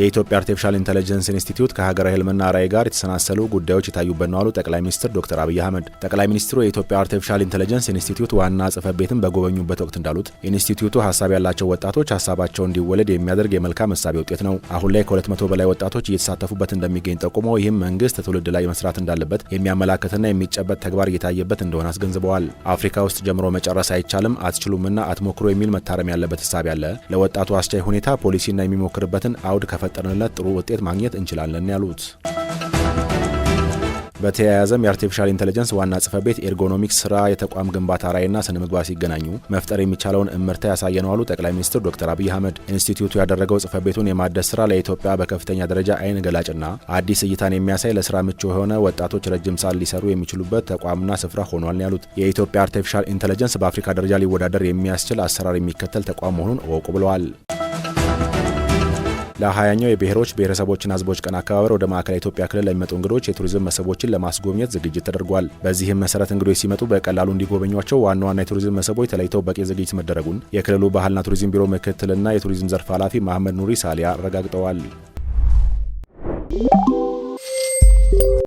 የኢትዮጵያ አርቲፊሻል ኢንተለጀንስ ኢንስቲትዩት ከሀገራዊ ህልምና ራዕይ ጋር የተሰናሰሉ ጉዳዮች የታዩበት ነው አሉ ጠቅላይ ሚኒስትር ዶክተር አብይ አህመድ። ጠቅላይ ሚኒስትሩ የኢትዮጵያ አርቲፊሻል ኢንተለጀንስ ኢንስቲትዩት ዋና ጽህፈት ቤትን በጎበኙበት ወቅት እንዳሉት ኢንስቲትዩቱ ሀሳብ ያላቸው ወጣቶች ሀሳባቸው እንዲወለድ የሚያደርግ የመልካም እሳቤ ውጤት ነው። አሁን ላይ ከሁለት መቶ በላይ ወጣቶች እየተሳተፉበት እንደሚገኝ ጠቁሞ ይህም መንግስት ትውልድ ላይ መስራት እንዳለበት የሚያመላክትና የሚጨበጥ ተግባር እየታየበት እንደሆነ አስገንዝበዋል። አፍሪካ ውስጥ ጀምሮ መጨረስ አይቻልም፣ አትችሉምና አትሞክሮ የሚል መታረም ያለበት እሳቤ አለ። ለወጣቱ አስቻይ ሁኔታ ፖሊሲና የሚሞክርበትን አውድ ከፈ ከፈጠርንለት ጥሩ ውጤት ማግኘት እንችላለን ያሉት። በተያያዘም የአርቲፊሻል ኢንቴሊጀንስ ዋና ጽሕፈት ቤት ኤርጎኖሚክስ ስራ የተቋም ግንባታ ራዕይና ስነ ምግባር ሲገናኙ መፍጠር የሚቻለውን እምርታ ያሳየ ነው አሉ ጠቅላይ ሚኒስትር ዶክተር አብይ አህመድ። ኢንስቲትዩቱ ያደረገው ጽሕፈት ቤቱን የማደስ ስራ ለኢትዮጵያ በከፍተኛ ደረጃ አይን ገላጭና አዲስ እይታን የሚያሳይ ለስራ ምቹ የሆነ ወጣቶች ረጅም ሰዓት ሊሰሩ የሚችሉበት ተቋምና ስፍራ ሆኗል ያሉት የኢትዮጵያ አርቲፊሻል ኢንቴሊጀንስ በአፍሪካ ደረጃ ሊወዳደር የሚያስችል አሰራር የሚከተል ተቋም መሆኑን እወቁ ብለዋል። ለሀያኛው የብሔሮች ብሔረሰቦችና ህዝቦች ቀን አከባበር ወደ ማዕከላዊ ኢትዮጵያ ክልል ለሚመጡ እንግዶች የቱሪዝም መስህቦችን ለማስጎብኘት ዝግጅት ተደርጓል። በዚህም መሰረት እንግዶች ሲመጡ በቀላሉ እንዲጎበኟቸው ዋና ዋና የቱሪዝም መስህቦች ተለይተው በቂ ዝግጅት መደረጉን የክልሉ ባህልና ቱሪዝም ቢሮ ምክትልና የቱሪዝም ዘርፍ ኃላፊ መሐመድ ኑሪ ሳሊያ አረጋግጠዋል።